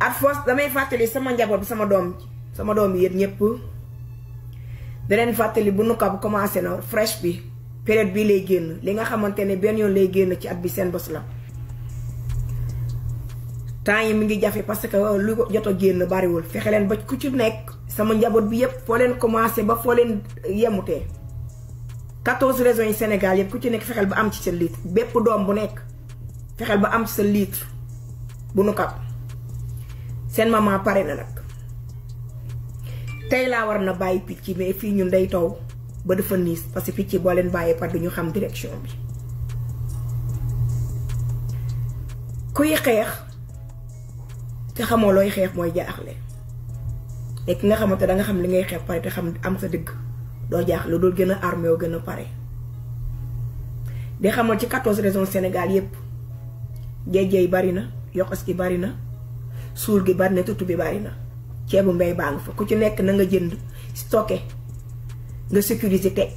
at force damay fàttali sama njaboot bi sama doom sama doom yéen ñëpp da fàttali bu nu bu commencé na fresh bi période bi lay génn li nga xamante ne benn yoon lay génn ci at bi seen bos la. temps mu ngi jafe parce que lu jot a génn bariwul fexe leen ba ku ci nekk sama njaboot bi yëpp foo leen commencé ba foo leen yemutee 14 régions yi Sénégal yëpp ku ci nekk fexeel ba am ci sa litre bépp doom bu nekk fexeel ba am ci sa litre bu nu kap seen maman pare na nag tey laa war na bàyyi picc mais fii ñun day taw ba dafa niis parce que picc boo leen bàyyi par duñu xam direction bi kuy xeex te xamoo looy xeex mooy jaaxle te ki nga xamante danga xam li ngay xeex pare te xam am sa dëgg doo jaaxle doo gën a armé wu gën a pare di xamal ci 14 régions Sénégal yépp jéejee yi bari na yoxos yi bari na suur gi bari na tutu bi na ceebu mbay baa nga fa ku ci nekk na nga jënd stocke nga sécurisé tey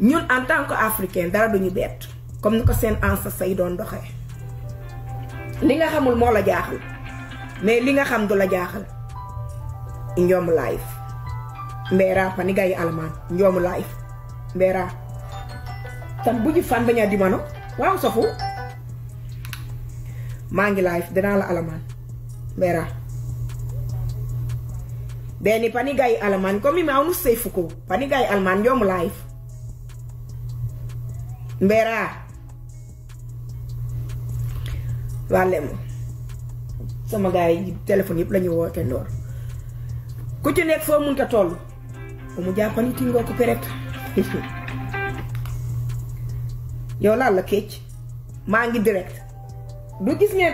ñun en tant que africain dara duñu bett comme ni ko seen ancêtre yi doon doxee li nga xamul moo la jaaxal mais li nga xam du la jaaxal njoomu life mbera pani gars yi almaan njoomu life mbera tam bu ñu fan bañaa dimano waaw sofu maa ngi live danaa la alamaan mera deni panigai alamaan komi maunu safe ko panigai alamaan yom live mera wàlle sama gars yi téléphone yëpp lañuy ñu woote ndoor ku ci nekk foo mun ta mu jàppani tingoo ko peret yow laal la kécc maa ngi direct du gis ne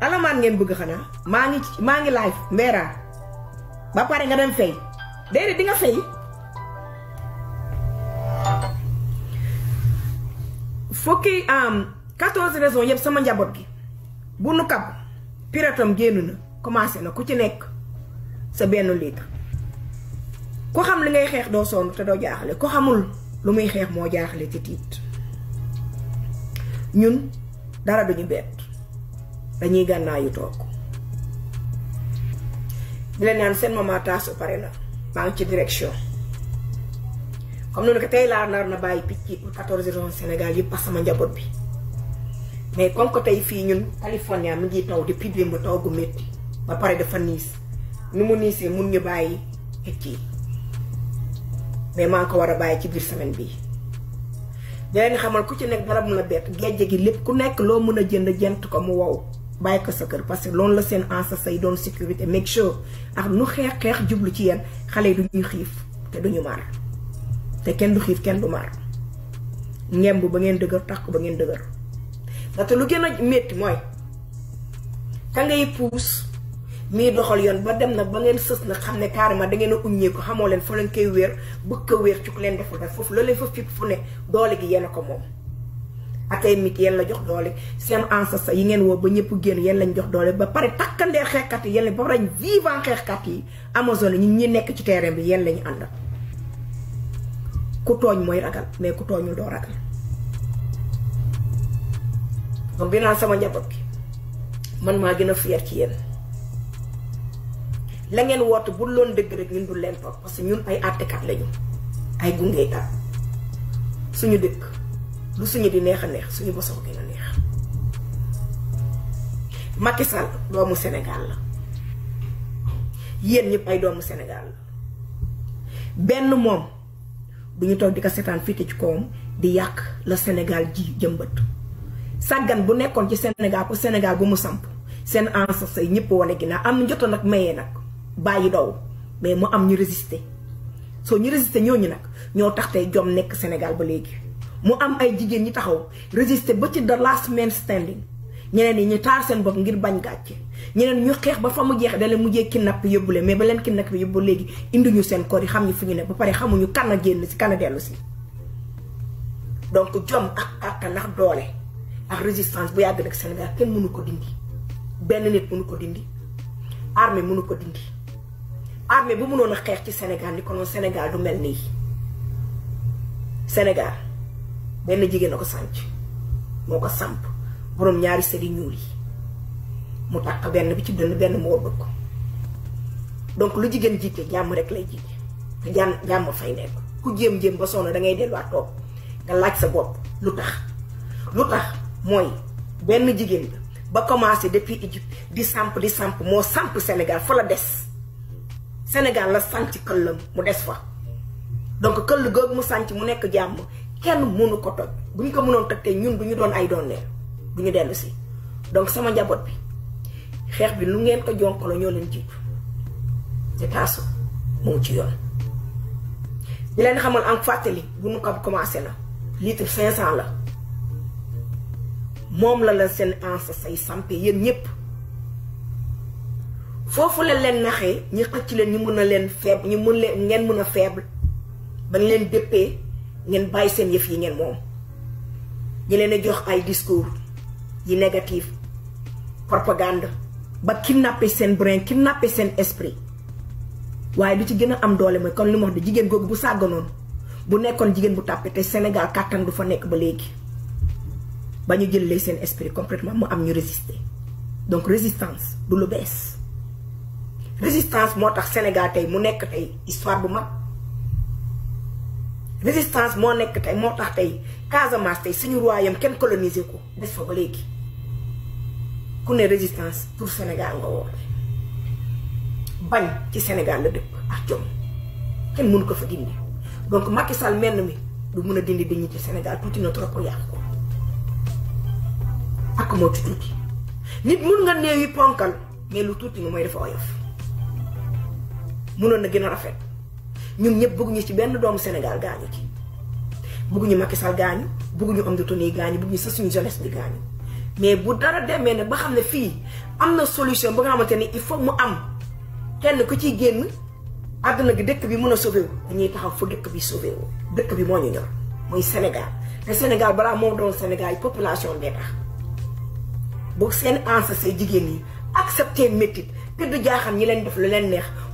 ana man ngeen bëgg xana maa ngi maa ngi live mbera ba pare nga dem fay déedéet di nga fay fukki am 14 raison yëpp sama njaboot gi bu nu kab piratam génn na commencé na ku ci nekk sa benn litre ku xam li ngay xeex doo sonn te doo jaaxle ku xamul lu muy xeex moo jaaxle ci tiit ñun dara duñu bett dañuy gànnaayu toog di leen naan seen maman taasu pare na maa ngi ci direction comme noonu ko tey laa nar na bàyyi picc yi pour 14 régions Sénégal yëpp parce que sama njaboot bi mais comme que tey fii ñun California mi ngi taw depuis démb taw gu métti ba pare nu mu niisee mun ñu bàyyi picc yi mais maa ngi ko war a bàyyi ci biir semaine bi di leen xamal ku ci nekk dara mun a bett gejje gi lépp ku nekk loo mën a jënd jent ko mu wow. bay ko sa kër parce que loolu la seen ancêtre say doon sécurité make sure ak nu xeex xeex jublu ci yeen xale du ñuy xiif te duñu mar te kenn du xiif kenn du mar ngemb ba ngeen dëgër takk ba ngeen dëgër ndaxte lu gën a métti mooy ka ngay puus mi doxal yoon ba dem nag ba ngeen sës nag xam ne carrément da ngeen a uññee ko xamoo leen fa leen koy wéer bëgg ko wéer ci ku leen defal foofu loolu leen fa fipp fu ne doole gi yéen ko moom akay ay mit yeen la jox doole seen ancêtre yi ngeen wo ba ñepp geen yeen lañ jox doole ba pare takkandeer xeexkat yi yeen lañ ba rañ vivant xeexkat yi amazon ñi ñi nekk ci terrain bi yeen lañ àndal ku togn moy ragal mais ku togn do ragal man bina sama njaboot ki man ma gëna a fier ci yeen la ngeen woote bu loon deug rek ñun du leen parce que ñun ay àttekat lañu ay ta suñu dëkk lu suñu di neex a neex suñu bos a ko gën a neex Macky Sall doomu Sénégal la yéen ñëpp ay doomu Sénégal la benn moom bu ñu toog di ko seetaan fii ci kawam di yàq la Sénégal ji jëmbët sàggan bu nekkoon ci Sénégal pour Sénégal bu mu samp seen ancêtre yi ñëpp wane ginnaaw am na joto nag mayee nag bàyyi daw mais mu am ñu résister soo ñu résister ñooñu nag ñoo tax tey jom nekk Sénégal ba léegi. mu am ay jigéen ñi taxaw résister ba ci the last man standing ñeneen yi ñu taar seen bopp ngir bañ gàcce ñeneen ñu xeex ba fa mu jeex dalee mujjee ki bi yóbbule mais ba leen kidnap bi yóbbu léegi indiñu seen koor yi xam ñu fu ñu ne ba pare xamuñu kan a génn si kan dellu si donc jom ak ak ndax doole ak résistance bu yàgg nag Sénégal kenn mënu ko dindi benn nit mënu ko dindi armée mënu ko dindi armée bu mënoon xeex ci Sénégal ni ko noonu Sénégal bene jigen ko sànc samp borom ñaari sëri ñuul yi mu tak ben bi ci dund ben mo wëbb donc lu jigen jité jamm rek lay jité te jamm jàmm fay nek ku jëm jëm ba sonu da ngay delluwaat toog nga laaj sa bop lu lutax lu ben jigen la ba commencé depuis Égypte di samp di samp mo samp Sénégal fa la des Sénégal la sànc këllam mu dess fa donc keul googu mu sànc mu nek jamm kenn mënu ko toj bu ñu ko mënoon toj tey ñun du ñu doon ay dooneel bu ñu dellu si donc sama njaboot bi xeex bi lu ngeen ko jonkalo ñoo leen jiitu te taasu ci yoon. di leen xamal am fàttali bu nu ko commencé la litre 500 la moom la la seen ancêtres yi sampe yéen ñëpp foofu la leen naxee ñi ci leen ñu mën a leen faible ñu mën leen ngeen mën a faible ba leen déppee. ngeen bàyyi seen yëf yi ngeen moom ñi leen a jox ay discours yi négatif propagande ba kidnappé seen brain kidnappé seen esprit waaye lu ci gën a am doole mooy comme li mu wax de jigéen googu bu sàgganoon bu nekkoon jigéen bu tàppe te Sénégal kàttan du fa nekk ba léegi ba ñu jël lay seen esprit complètement mu am ñu résister donc résistance du lu bees résistance moo tax Sénégal tey mu nekk tey histoire bu mag résistance moo nekk tey moo tax tey Casamance tey suñu royaume kenn colonisé ko des fa ba léegi ku ne résistance pour Sénégal nga woote bañ ci Sénégal la dëpp ak jom kenn mënu ko fa dindi donc Macky Sall menn mi du mun a dindi ci Sénégal tuuti na trop pour yàq ko ak moo ci tuuti nit mun nga néew yi ponkal mais lu tuuti nga mooy dafa oyof mënoon na gën a rafet. ñun ñëpp ñu ci benn doomu Sénégal gaañu ci ñu Macky Sall gaañu ñu am de tonné gaañu bëgguñu sa suñu jeunesse di gaañu mais bu dara demee nag ba xam ne fii am na solution ba nga xamante ni il faut mu am kenn ku ciy génn àdduna gi dëkk bi mën a sauvé wu dañuy taxaw fa dëkk bi sauvé wu dëkk bi moo ñu ñor mooy Sénégal te Sénégal balaa moo doon Sénégal population bee tax bu seen sommes jigéen ñi accepté métit te du jaaxam ñi leen def lu leen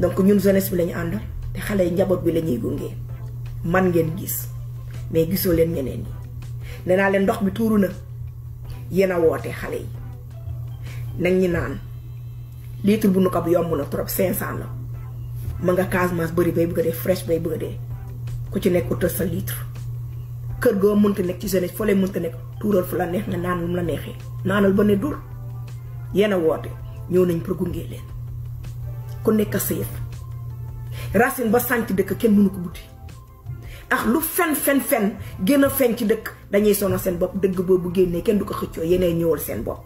donc ñun jeunesse bi lañuy ànd te xale yi njaboot bi la ñuy gunge man ngeen gis mais gisoo leen ñeneen ñi nee leen ndox bi tuuru na yéen a woote xale yi nag ñi naan litre bu nu ko yomb na trop 500 la ma nga Casamance bëri bay bëgg a dee fresh bay bëgg a dee ku ci nekk utal sa litre kër goo mënta nekk ci jeunesse foo leen mënta nekk tuural fu la neex nga naan lu la neexee naanal ba ne dur yéen a ñëw nañ pour gunge leen. ku nek Rasin racine ba sant dëkk ken munu ko buti ak lu fen fen fen gene fen ci dek dañuy sono sen bop deug bobu génnee ken du ko xëccoo yeneen ñëwal sen bop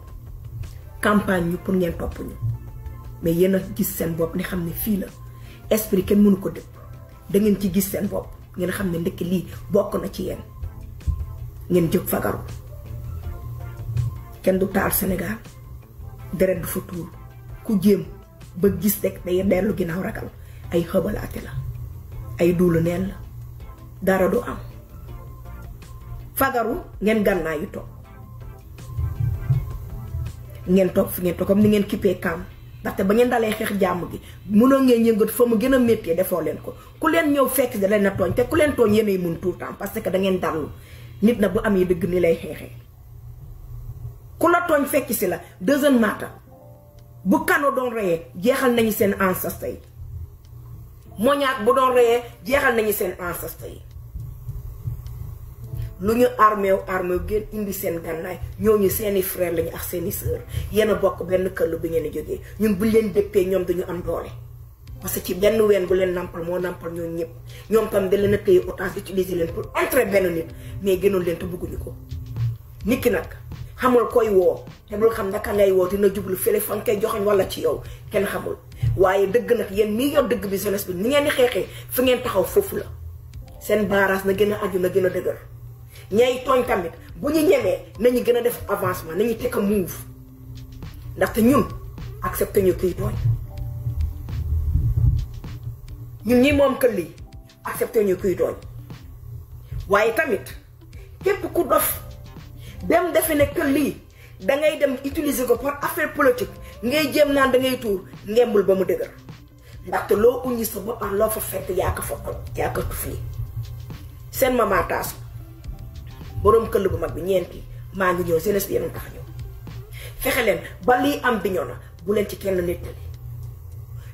campagne pour ñen top ñu mais yene gis sen bop ni xam ne la esprit ken munu ko depp da ngeen ci gis sen bop ngeen xam ndek li bok na ci yéen ngeen jóg fagaru ken du taal senegal deret du fa ku jëm ba gis rek day dellu ginnaaw ragal ay xëbalaate la ay duulu neen la dara du am fagaru ngeen gànnaayu toog ngeen toog fu ngeen toog comme ni ngeen kippee kaam ndaxte ba ngeen dalee xeex jàmm gi mënoo ngeen yëngat fa mu gën a méttee defoo leen ko ku leen ñëw fekk da leen a tooñ te ku leen tooñ yéenay mun tout temps parce que da ngeen darlu nit na bu amee dëgg ni lay xeexee ku la tooñ fekk si la deuxième maata bu kano doon reyee jeexal nañu seen ancêtres yi moñaak bu doon reyee jeexal nañu seen ancêtres yi lu ñu armé wu armé wu indi seen gànnaay ñooñu seeni frère lañu ak seeni sœur yéen a bokk benn kër lu bi ngeen a jógee ñun bu leen dëppee ñoom dañu am doole. parce que ci benn ween bu leen nampal moo nàmpal ñoo ñëpp ñoom tam da leen a téye otage utiliser leen pour entrer benn nit mais gënoon leen te bëgguñu ko nit ki nag. xamul koy woo te bul xam naka ngay woo dina jublu fële fan koy joxoñ walla ci yow kenn xamul waaye dëgg nag yéen nii yor dëgg bi jeunesse bi ni ngeen di xeexee fi ngeen taxaw foofu la seen baaraas na gën a aju na gën a dëgër ñay tooñ tamit bu ñu ñemee nañu gën a def avancement nañu teg a move ndaxte ñun accepté ñu kiy tooñ ñun ñi moom këll yi accepté ñu kiy tooñ waaye tamit képp ku dof dem defe ne kël lii da ngay dem utiliser ko pour affaire politique ngay jéem naan da ngay tuur ngembul ba mu dëgër ndaxte loo uññi sa bopp loo fa fekk yaa ko fa yaa ko tufli seen taasu boroom këll bu mag bi ñeenti maa ngi ñëw jeunesse bi yéen tax ñëw fexe leen ba lii am bi na bu leen ci kenn nettali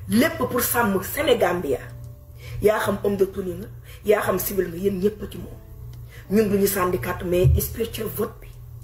lépp pour sàmm senegal bi yaa xam homme de tenue yaa xam civil nga yéen ñëpp ci moom ñun du ñu sànni mais spirituel vote bi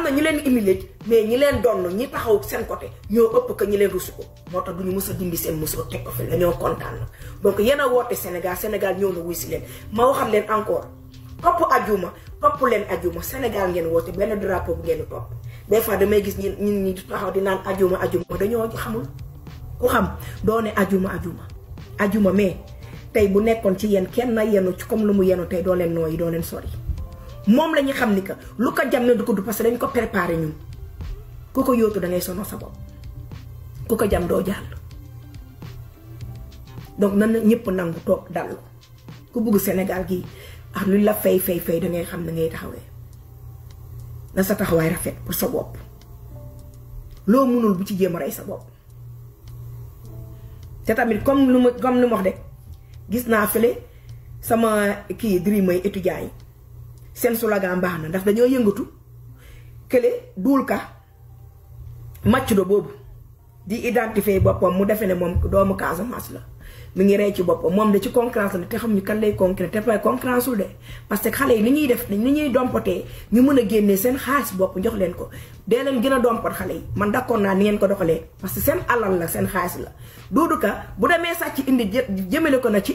am na ñu leen humilier mais ñi leen donn ñi taxaw seen côté ñoo ëpp que ñi leen rusu moo tax du ñu mës a dindi seen mosoo teg ko fi dañoo kontaan donc yéen a woote Sénégal Sénégal ñëw na wuy si leen ma waxam leen encore topp ajuma topp leen ajuma Sénégal ngeen woote benn bu ngeen topp des fois damay gis ñun ñun ñi taxaw di naan ajuma ajuma dañoo xamul ku xam doo ne ajuma ajuma ajuma mais tey bu nekkoon ci yéen kenn na yenu ci comme lu mu yenu tey doo leen nooyi doo leen sori. mom lañu ñu xam ni lu ko jam ne du ko du parce dañ ko préparer ñun ku ko yóotu da ngay sonal sa bopp ku ko jam doo jàll donc nan na ñëpp nangu toog dal ku bugg Sénégal gi ak lu la fay fay fay da ngay xam da ngay taxawee na sa taxawaay rafet pour sa bopp loo mënul bu ci jéem sa bopp te tamit comme lu comme lu wax de gis naa fële sama ki dirimay étudiant yi seen slogan baax na ndax dañoo yëngatu kële duul ka màcc boobu di identifier boppam mu defee ne moom doomu Casamance la mu ngi rey ci boppam moom da ci concurrence la te xam ñu kan lay concurrence te fay concurrence ul de parce que xale yi li ñuy def ni ñuy dompotee ñu mën a génnee seen xaalis bopp jox leen ko dee leen gën a dompat xale yi man d'accord naa ni ngeen ko doxalee parce que seen alal la seen xaalis la Doudou Ka bu demee sàcc indi jëmale ko na ci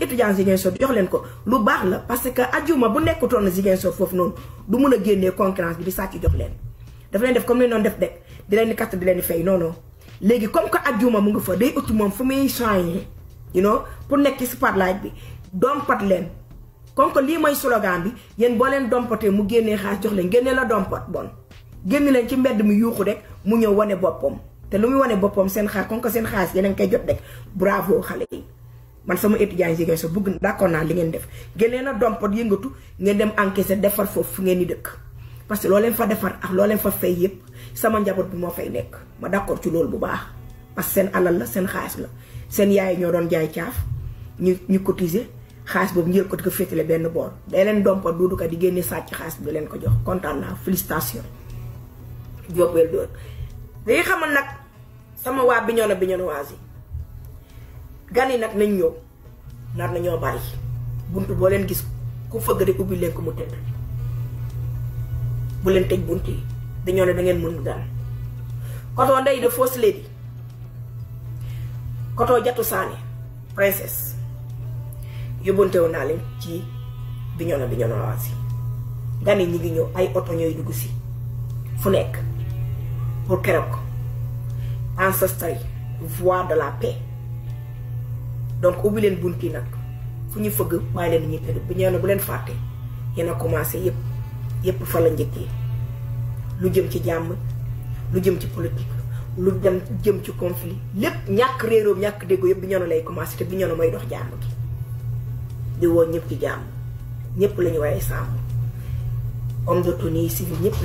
soo di jox leen ko lu baax la parce que ajuma bu nekkutoon na Ziguinchor foofu noonu du mun a génnee concurrence bi di sàcc jox leen dafa leen def comme ni noonu def dek di leen di katt di leen di fay non non léegi comme que ajuma mu ngi fa day uti moom fu muy changé you know pour nekk ci spotlight bi dompat leen comme lii mooy slogan bi yéen boo leen dompatee mu génnee xaalis jox leen génnee la dompat bon génn leen ci mbedd mi yuuxu rek mu ñëw wane boppam te lu muy wane boppam seen xaar kon ko seen xaalis yéen a ngi koy jot rek bravo xale yi man sama étudiant yi ngeen so bëgg d'accord naa li ngeen def génnee na dompot yëngatu ngeen dem encaisser defar foofu fu ngeen di dëkk parce que loo leen fa defar ak loo leen fa fay yépp sama njaboot bi moo fay nekk ma d'accord ci loolu bu baax parce que seen alal la seen xaalis la seen yaay ñoo doon jaay caaf ñu ñu cotiser xaalis boobu njël ko di ko féetale benn boor day leen dompat duudukat di génne sàcc xaalis bi leen ko jox kontaan naa félicitation Diop wér doon xamal nag sama waa Bignona Bignonnoise yi gan yi nag nañ ñëw nar na ñoo bari bunt boo leen gis ku fëgg rek ubbi leen ko mu tëdd bu leen tëj bunt yi dañoo ne da ngeen mën gan koto ndey de fausse lady koto jatu saane princesse yóbbantewu naa leen ci Bignona Bignonnoise yi gan yi ñu ngi ñëw ay oto ñooy dugg si fu nekk pour ce ancestry voie de la paix donc ubbi si vous yi nag fu ñu fëgg bàyyi faire. bu ñëwee bu des choses a commencé à faire fa la njëkkee lu jëm ci jàmm lu jëm ci politique lu dem jëm ci conflit lépp ñàkk a ñàkk déggoo yëpp bi ñono lay commencé choses. bi ñono commencer dox faire di Vous ñëpp ci à ñëpp des choses. de faire des ñëpp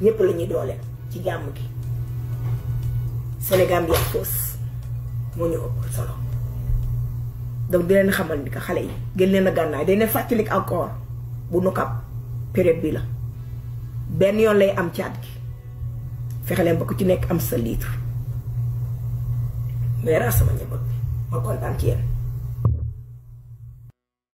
ñëpp faire des ci jàmm gi Sénégal bi foos moo ñu ëpp solo donc di leen xamal ni que xale yi gën leen a gànnaay dañ leen fàttalik encore bu nu kap période bi la benn yoon lay am caat gi leen ba ku ci nekk am sa litre mais raas sama njaboot bi ma kontaan ci yéen.